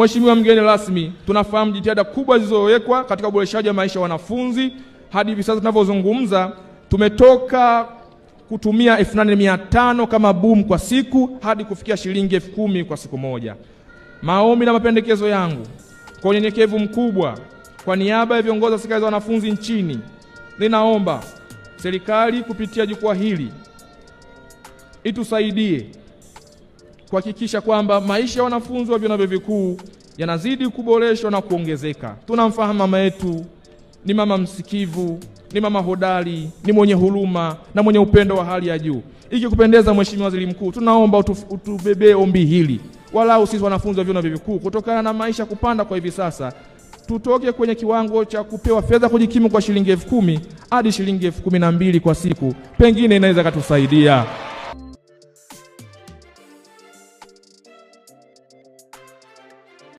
Mheshimiwa mgeni rasmi, tunafahamu jitihada kubwa zilizowekwa katika uboreshaji wa maisha ya wanafunzi. Hadi hivi sasa tunavyozungumza, tumetoka kutumia elfu kama boom kwa siku hadi kufikia shilingi elfu kumi kwa siku moja. Maombi na mapendekezo yangu kwa unyenyekevu mkubwa, kwa niaba ya viongozi wa serikali za wanafunzi nchini, ninaomba serikali kupitia jukwaa hili itusaidie kuhakikisha kwamba maisha ya wanafunzi wa vyuo na vyuo vikuu yanazidi kuboreshwa na kuongezeka. Tunamfahamu mama yetu ni mama msikivu, ni mama hodari, ni mwenye huruma na mwenye upendo wa hali ya juu. Ikikupendeza Mheshimiwa Waziri Mkuu, tunaomba utubebee ombi hili, walau sisi wanafunzi wa vyuo na vyuo vikuu, kutokana na maisha kupanda kwa hivi sasa, tutoke kwenye kiwango cha kupewa fedha kujikimu kwa shilingi elfu kumi hadi shilingi elfu kumi na mbili kwa siku, pengine inaweza katusaidia.